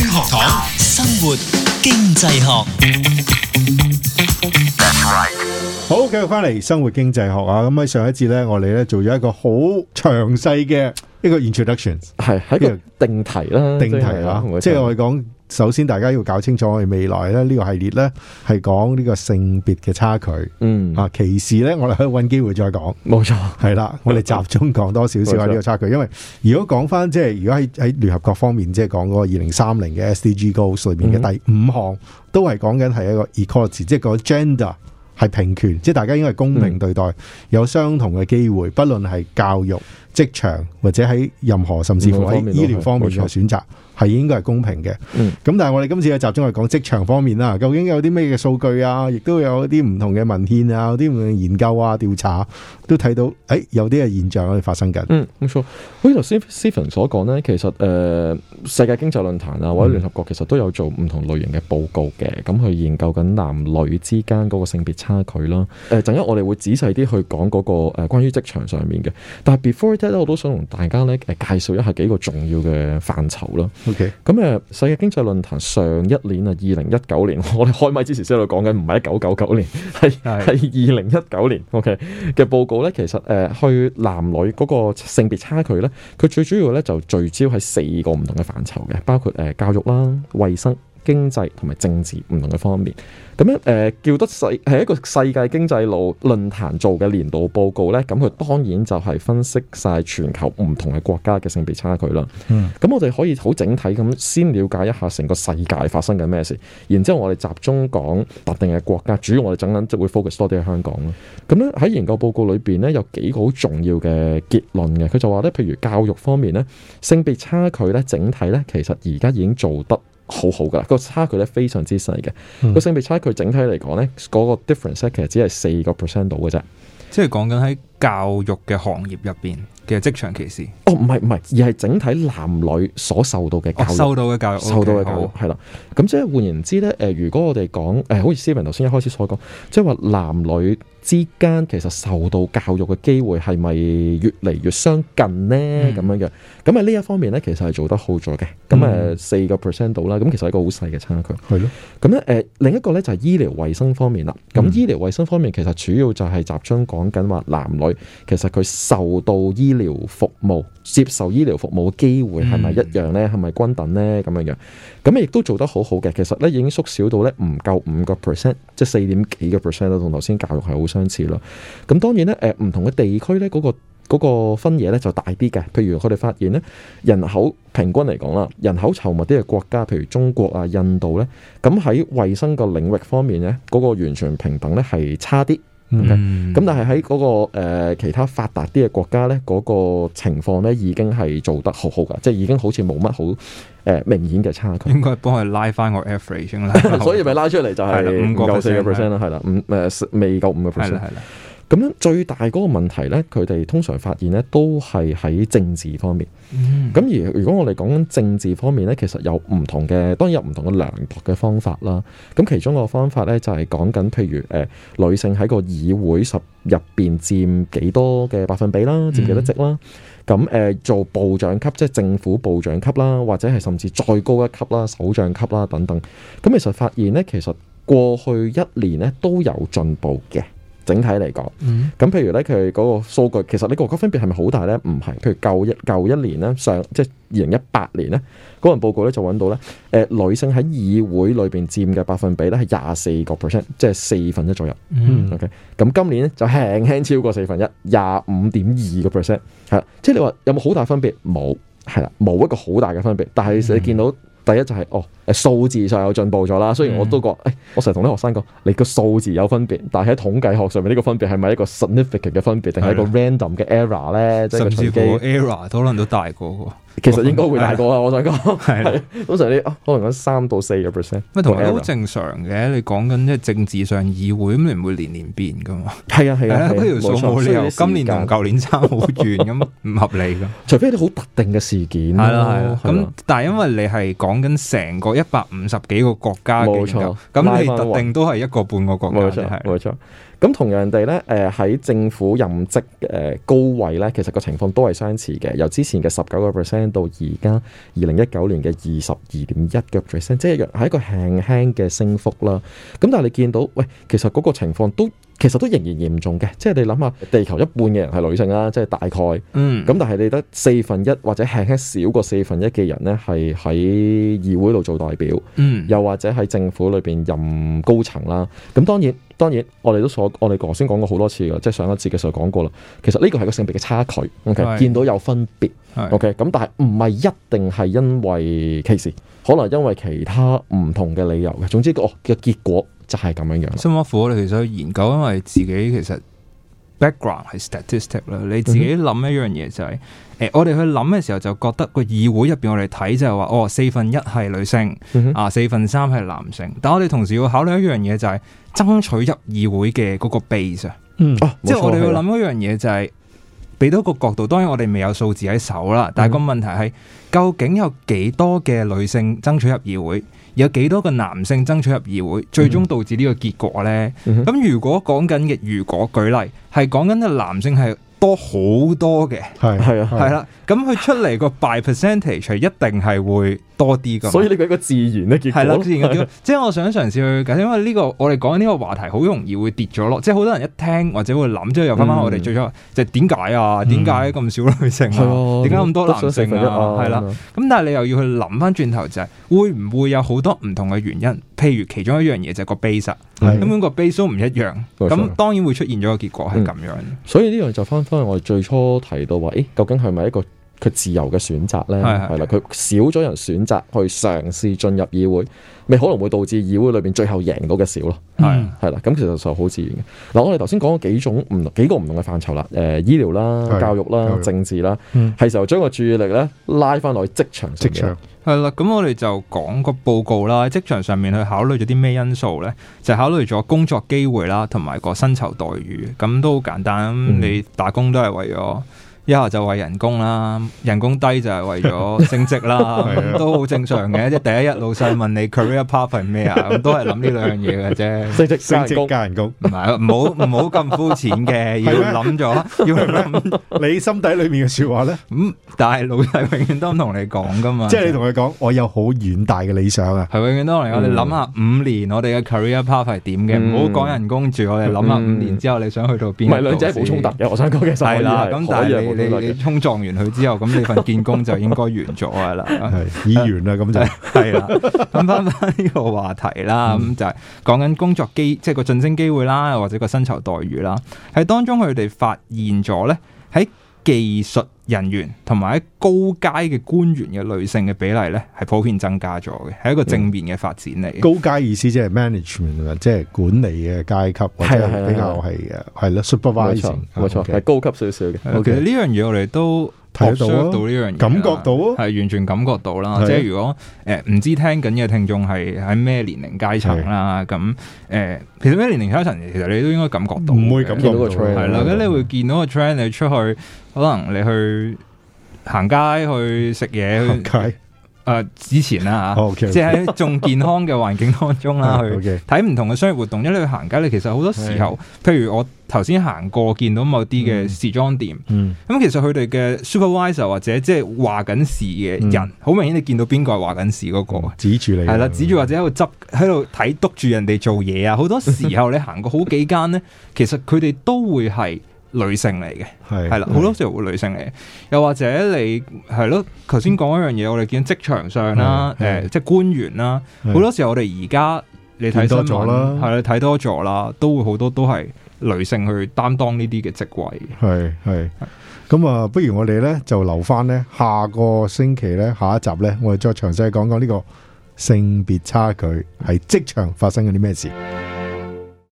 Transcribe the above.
學堂生活經濟學，好繼續翻嚟生活經濟學啊！咁、嗯、喺上一次咧，我哋咧做咗一個好詳細嘅一個 introduction，係喺度個定題啦，定題啊，即係我哋講。首先，大家要搞清楚我哋未來咧呢個系列咧係講呢個性別嘅差距。嗯，啊，歧視咧，我哋可以揾機會再講。冇錯，係啦，我哋集中講多少少啊呢個差距。因為如果講翻即係如果喺喺聯合國方面即係講嗰個二零三零嘅 SDG goals 裏面嘅第五項，都係講緊係一個 equality 即係個 gender 係平權，即係大家應該係公平對待，有相同嘅機會，不論係教育職場或者喺任何甚至乎喺醫療方面嘅選擇係沒錯 應該係公平嘅。咁、嗯、但係我哋今次嘅集中係講職場方面啦，究竟有啲咩嘅數據啊，亦都有啲唔同嘅文獻啊、嗰啲研究啊、調查都睇到，誒有啲嘅現象喺度發生緊。嗯，冇錯。好似頭先 Stephen 所講呢，其實誒、呃、世界經濟論壇啊或者聯合國其實都有做唔同類型嘅報告嘅，咁去、嗯、研究緊男女之間嗰個性別差距啦。誒，陣間我哋會仔細啲去講嗰個誒關於職場上面嘅，但係 before。即係我都想同大家咧，誒，介紹一下幾個重要嘅範疇啦。OK，咁誒，世界經濟論壇上一年啊，二零一九年，我哋開咪之前先喺度講緊，唔係一九九九年，係係二零一九年。OK 嘅報告咧，其實誒，去、呃、男女嗰個性別差距咧，佢最主要咧就聚焦喺四個唔同嘅範疇嘅，包括誒、呃、教育啦、衛生。經濟同埋政治唔同嘅方面，咁樣誒叫得世係一個世界經濟路論壇做嘅年度報告咧。咁佢當然就係分析晒全球唔同嘅國家嘅性別差距啦。咁、嗯、我哋可以好整體咁先了解一下成個世界發生緊咩事，然之後我哋集中講特定嘅國家。主要我哋整緊就會 focus 多啲喺香港啦。咁咧喺研究報告裏邊咧，有幾個好重要嘅結論嘅，佢就話咧，譬如教育方面咧，性別差距咧，整體咧其實而家已經做得。好好噶，個差距咧非常之細嘅，個、嗯、性別差距整體嚟講咧，嗰、個 difference 其實只係四個 percent 到嘅啫，即係講緊喺教育嘅行業入邊。嘅職場歧視哦，唔係唔係，而係整體男女所受到嘅教育，哦、受到嘅教育，受到嘅教育，係啦 Okay,、哦。咁即係換言之咧，誒、呃，如果我哋講，誒、呃，好似 Stephen 頭先一開始所講，即係話男女之間其實受到教育嘅機會係咪越嚟越相近呢？咁、嗯、樣嘅，咁啊呢一方面咧，其實係做得好咗嘅。咁誒、嗯，四個 percent 度啦，咁其實係一個好細嘅差距。係咯的。咁咧誒，另一個咧就係、是、醫療衛生方面啦。咁醫療衛生方面其實主要就係集中講緊話男女其實佢受到醫醫療服務，接受醫療服務嘅機會係咪一樣呢？係咪、嗯、均等呢？咁樣樣，咁亦都做得好好嘅。其實呢，已經縮小到呢唔夠五個 percent，即係四點幾個 percent 啦，同頭先教育係好相似咯。咁當然呢，誒唔同嘅地區呢、嗰個、嗰、嗰個個分野呢就大啲嘅。譬如佢哋發現呢，人口平均嚟講啦，人口稠密啲嘅國家，譬如中國啊、印度呢，咁喺衛生個領域方面呢，嗰、嗰個完全平等呢，係差啲。嗯，咁、okay，但係喺嗰個誒、呃、其他發達啲嘅國家咧，嗰、那個情況咧已經係做得好好噶，即係已經好似冇乜好誒明顯嘅差距。應該幫佢拉翻個 average 啦， 所以咪拉出嚟就係五個四個 percent 啦，係啦，五誒的、呃、未夠五個 percent 係啦係啦。咁樣最大嗰個問題咧，佢哋通常發現咧都係喺政治方面。咁、mm hmm. 而如果我哋講緊政治方面咧，其實有唔同嘅，當然有唔同嘅量度嘅方法啦。咁其中個方法咧就係講緊，譬如誒、呃、女性喺個議會入邊佔幾多嘅百分比啦，佔幾多席啦。咁誒、mm hmm. 呃、做部長級，即係政府部長級啦，或者係甚至再高一級啦，首相級啦等等。咁其實發現咧，其實過去一年咧都有進步嘅。整體嚟講，咁譬如咧，佢嗰個數據其實你各國分別係咪好大咧？唔係，譬如舊一舊一年咧，上即係二零一八年咧，嗰份報告咧就揾到咧，誒、呃、女性喺議會裏邊佔嘅百分比咧係廿四個 percent，即係四分一左右。OK，咁今年咧就輕輕超過四分一，廿五點二個 percent 係啦。即係你話有冇好大分別？冇係啦，冇一個好大嘅分別。但係你見到、嗯。第一就係、是、哦，誒數字上有進步咗啦，雖然我都覺，誒、嗯欸、我成日同啲學生講，你個數字有分別，但係喺統計學上面呢個分別係咪一個 significant 嘅分別，定係一個 random 嘅 error 咧？甚至乎個 error 可能都大過。其實應該會大個啊！我想講，係通常啲可能講三到四個 percent，咁同埋好正常嘅。你講緊即係政治上議會，咁你唔會年年變噶嘛？係啊係啊，呢條數冇理由今年同舊年差好遠咁，唔合理噶。除非啲好特定嘅事件。係啦係，咁但係因為你係講緊成個一百五十幾個國家嘅冇錯，咁你特定都係一個半個國家係冇錯。咁同樣地咧，誒、呃、喺政府任職誒、呃、高位咧，其實個情況都係相似嘅。由之前嘅十九個 percent 到而家二零一九年嘅二十二點一嘅 percent，即係一樣係一個輕輕嘅升幅啦。咁但係你見到，喂，其實嗰個情況都其實都仍然嚴重嘅。即係你諗下，地球一半嘅人係女性啦，即係大概，咁、嗯、但係你得四分一或者輕輕少過四分一嘅人咧，係喺議會度做代表，嗯、又或者喺政府裏邊任高層啦。咁當然。當然，我哋都所我哋頭先講過好多次嘅，即係上一節嘅時候講過啦。其實呢個係個性別嘅差距，OK，對見到有分別，OK，咁對但係唔係一定係因為歧視，對可能因為其他唔同嘅理由嘅。總之個嘅、哦、結果就係咁樣樣。辛苦苦，你其實去研究，因為自己其實。Background 係 statistic 啦、mm，hmm. 你自己諗一樣嘢就係、是，誒、呃，我哋去諗嘅時候就覺得個議會入邊我哋睇就係話，哦，四分一係女性，mm hmm. 啊，四分三係男性，但我哋同時要考慮一樣嘢就係爭取入議會嘅嗰個 base 啊、mm，hmm. 即係我哋要諗一樣嘢就係、是。俾到個角度，當然我哋未有數字喺手啦。但係個問題係，究竟有幾多嘅女性爭取入議會，有幾多個男性爭取入議會，最終導致呢個結果呢？咁如果講緊嘅，如果舉例係講緊嘅男性係多好多嘅，係係啊係啦，咁佢出嚟個 by percentage 係一定係會。多啲咁，所以呢個係一個自然嘅結果。係啦，自然嘅結果，即係我想嘗試去解釋，因為呢個我哋講緊呢個話題好容易會跌咗咯。即係好多人一聽或者會諗，即係又翻返我哋最初，就點解啊？點解咁少女性啊？點解咁多男性啊？係啦。咁但係你又要去諗翻轉頭，就係會唔會有好多唔同嘅原因？譬如其中一樣嘢就係個 basis，根本個 basis 唔一樣，咁當然會出現咗個結果係咁樣。所以呢樣就翻返我哋最初提到話，究竟係咪一個？佢自由嘅選擇咧，係啦，佢少咗人選擇去嘗試進入議會，咪可能會導致議會裏邊最後贏到嘅少咯。係，係啦，咁其實就好自然嘅。嗱，我哋頭先講咗幾種唔幾個唔同嘅範疇啦，誒，醫療啦、教育啦、政治啦，係時候將個注意力咧拉翻落去職場。職場係啦，咁我哋就講個報告啦，職場上面去考慮咗啲咩因素咧，就考慮咗工作機會啦，同埋個薪酬待遇，咁都好簡單。你打工都係為咗。一下就為人工啦，人工低就係為咗升職啦，都好正常嘅。即係第一日老細問你 career path 係咩啊，咁都係諗呢兩樣嘢嘅啫。升職、升職加人工，唔係唔好唔好咁膚淺嘅，要諗咗，要諗你心底裏面嘅說話咧。但係老細永遠都唔同你講噶嘛。即係你同佢講，我有好遠大嘅理想啊。係永遠都嚟，我哋諗下五年我哋嘅 career path 係點嘅，唔好講人工住，我哋諗下五年之後你想去到邊。唔係，即係補充特嘅，我想講嘅係啦，咁但係。你你沖撞完佢之後，咁你份建工，就應該完咗噶啦係已完啦，咁就係啦。咁翻翻呢個話題啦，咁就係講緊工作機，即係個晉升機會啦，或者個薪酬待遇啦，喺當中佢哋發現咗咧，喺技術。人員同埋喺高階嘅官員嘅女性嘅比例咧，係普遍增加咗嘅，係一個正面嘅發展嚟。高階意思即係 management 即係管理嘅階級，或者比較係誒係啦 supervising 冇錯係高級少少嘅。其實呢樣嘢我哋都。睇到呢樣嘢，感覺到係、啊、完全感覺到啦。的即係如果誒唔、呃、知聽緊嘅聽眾係喺咩年齡階層啦，咁誒的、呃、其實咩年齡階層，其實你都應該感覺到。唔會感覺到，到個 train 係啦的，如果你會見到個 train 你出去，可能你去行街去食嘢。誒、呃，之前啦、啊、吓，oh, okay. 即係仲健康嘅環境當中啦、啊， okay. 去睇唔同嘅商業活動。因為你去行街，你其實好多時候，的譬如我頭先行過，見到某啲嘅時裝店，咁、嗯嗯、其實佢哋嘅 supervisor 或者即係話緊事嘅人，好、嗯、明顯你見到邊個係話緊事嗰個，指住你係啦，指住或者喺度執，喺度睇督住人哋做嘢啊。好多時候你行過好幾間咧， 其實佢哋都會係。女性嚟嘅，係係啦，好是的多時候會女性嚟嘅，的又或者你係咯，頭先講一樣嘢，嗯、我哋見職場上啦，誒的，呃、即係官員啦，好的多時候我哋而家你睇多咗啦，係啦，睇多咗啦，都會好多都係女性去擔當呢啲嘅職位，係係咁啊，不如我哋咧就留翻，咧，下個星期咧下一集咧，我哋再詳細講講呢個性別差距係職場發生咗啲咩事。